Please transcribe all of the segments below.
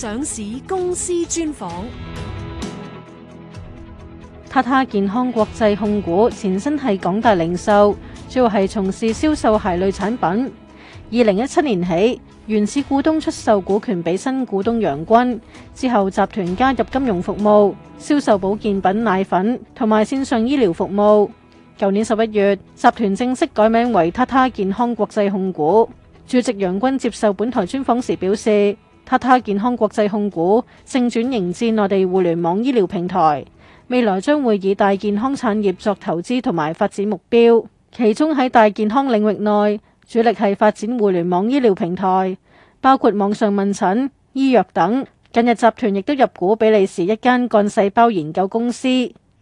上市公司專訪。TATA 健康國際控股前身係港大零售，主要係從事銷售鞋類產品。二零一七年起，原始股東出售股權俾新股東楊軍，之後集團加入金融服務、銷售保健品、奶粉同埋綫上醫療服務。舊年十一月，集團正式改名為 TATA 健康國際控股。主席楊軍接受本台專訪時表示。塔塔健康國際控股正轉型至內地互聯網醫療平台，未來將會以大健康產業作投資同埋發展目標。其中喺大健康領域內，主力係發展互聯網醫療平台，包括網上問診、醫藥等。近日集團亦都入股比利時一間幹細胞研究公司。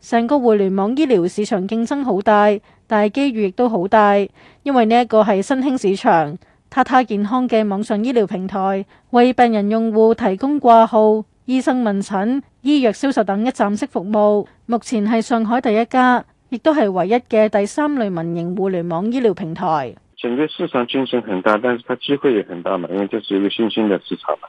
成個互聯網醫療市場競爭好大，但係機遇亦都好大，因為呢一個係新興市場。塔塔健康嘅網上醫療平台為病人用戶提供掛號、醫生問診、醫藥銷售等一站式服務。目前係上海第一家，亦都係唯一嘅第三類民營互聯網醫療平台。整個市場競爭很大，但是它機會也很大嘛，因為這是一個新興的市場嘛。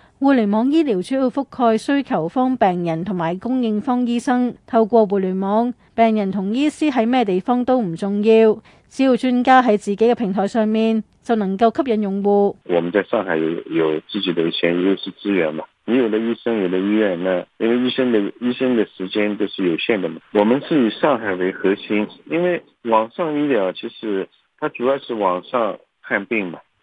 互聯網醫療主要覆蓋需求方病人同埋供應方醫生，透過互聯網，病人同醫師喺咩地方都唔重要，只要專家喺自己嘅平台上面，就能夠吸引用戶。我們在上海有有自己的一些優勢資源嘛，你有咗醫生，有咗醫院呢，呢因為醫生的醫生嘅時間都是有限的嘛。我們是以上海為核心，因為網上醫療其實，它主要是網上看病嘛。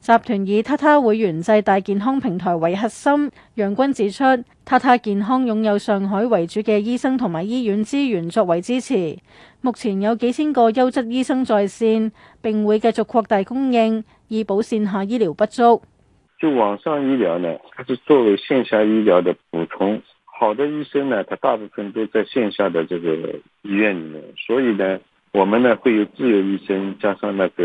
集團以 TATA 會員制大健康平台為核心，楊軍指出，TATA 健康擁有上海為主嘅醫生同埋醫院資源作為支持，目前有幾千個優質醫生在線，並會繼續擴大供應，以補線下醫療不足。就網上醫療呢，它是作為線下醫療的補充。好的醫生呢，他大部分都在線下的這個醫院裏面，所以呢，我們呢會有自由醫生加上那個。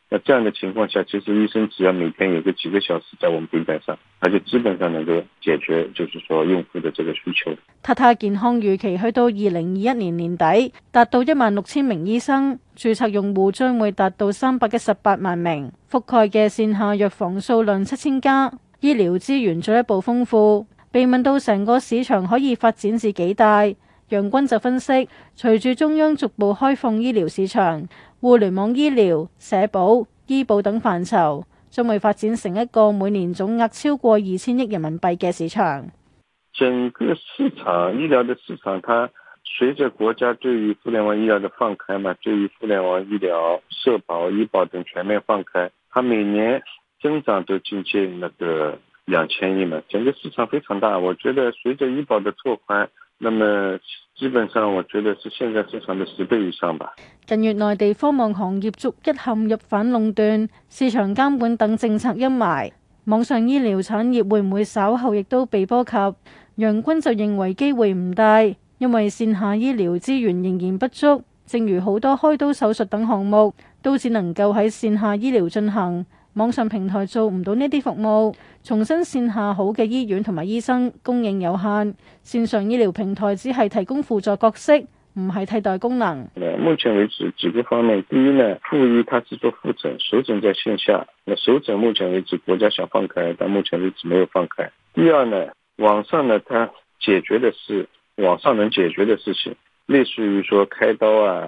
那這樣的情況下，其實醫生只要每天有個幾個小時在我們平台上，他就基本上能夠解決，就是說用戶的這個需求。塔塔健康預期去到二零二一年年底達到一萬六千名醫生，註冊用戶將會達到三百一十八萬名，覆蓋嘅線下藥房數量七千家，醫療資源進一步豐富。被問到成個市場可以發展至幾大？楊軍就分析，隨住中央逐步開放醫療市場、互聯網醫療、社保、醫保等範疇，仲未發展成一個每年總額超過二千億人民幣嘅市場。整個市場醫療嘅市場，它隨着國家對於互聯網醫療嘅放開嘛，對於互聯網醫療、社保、醫保等全面放開，它每年增長都接近那個。兩千億嘛，整個市場非常大。我覺得隨着醫保的拓寬，那麼基本上，我覺得是現在市場的十倍以上吧。近月內地科網行業逐一陷入反壟斷、市場監管等政策陰霾，網上醫療產業會唔會稍後亦都被波及？楊軍就認為機會唔大，因為線下醫療資源仍然不足，正如好多開刀手術等項目都只能夠喺線下醫療進行。網上平台做唔到呢啲服務，重新線下好嘅醫院同埋醫生供應有限，線上醫療平台只係提供輔助角色，唔係替代功能。目前為止幾個方面，第一呢，副醫他只做複診，首診在線下。那首診目前為止國家想放開，但目前為止沒有放開。第二呢，網上呢，它解決的是網上能解決的事情，類似於說開刀啊。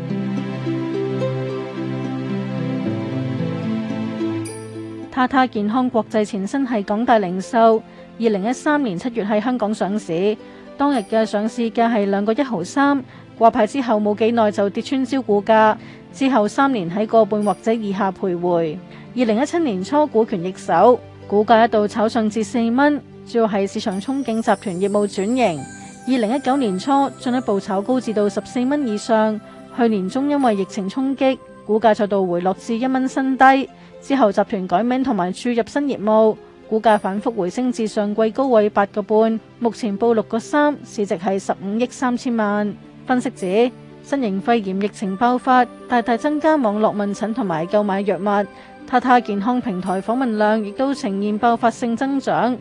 塔塔健康國際前身係港大零售，二零一三年七月喺香港上市，當日嘅上市價係兩個一毫三，掛牌之後冇幾耐就跌穿招股價，之後三年喺個半或者以下徘徊。二零一七年初股權易手，股價一度炒上至四蚊，主要係市場憧憬集團業務轉型。二零一九年初進一步炒高至到十四蚊以上，去年中因為疫情衝擊。股價再度回落至一蚊新低，之後集團改名同埋注入新業務，股價反覆回升至上季高位八個半，目前報六個三，市值係十五億三千萬。分析指，新型肺炎疫情爆發，大大增加網絡問診同埋購買藥物，TATA 健康平台訪問量亦都呈現爆發性增長。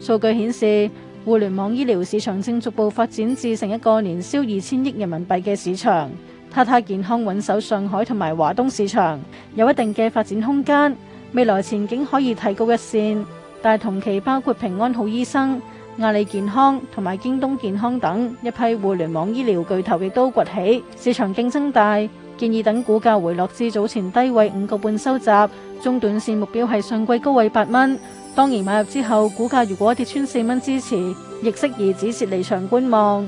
數據顯示，互聯網醫療市場正逐步發展至成一個年銷二千億人民幣嘅市場。TATA 健康穩守上海同埋華東市場，有一定嘅發展空間，未來前景可以睇高一線。但係同期包括平安好醫生、阿里健康同埋京東健康等一批互聯網醫療巨頭亦都崛起，市場競爭大。建議等股價回落至早前低位五個半收集，中短線目標係上季高位八蚊。當然買入之後，股價如果跌穿四蚊支持，亦適宜止蝕離場觀望。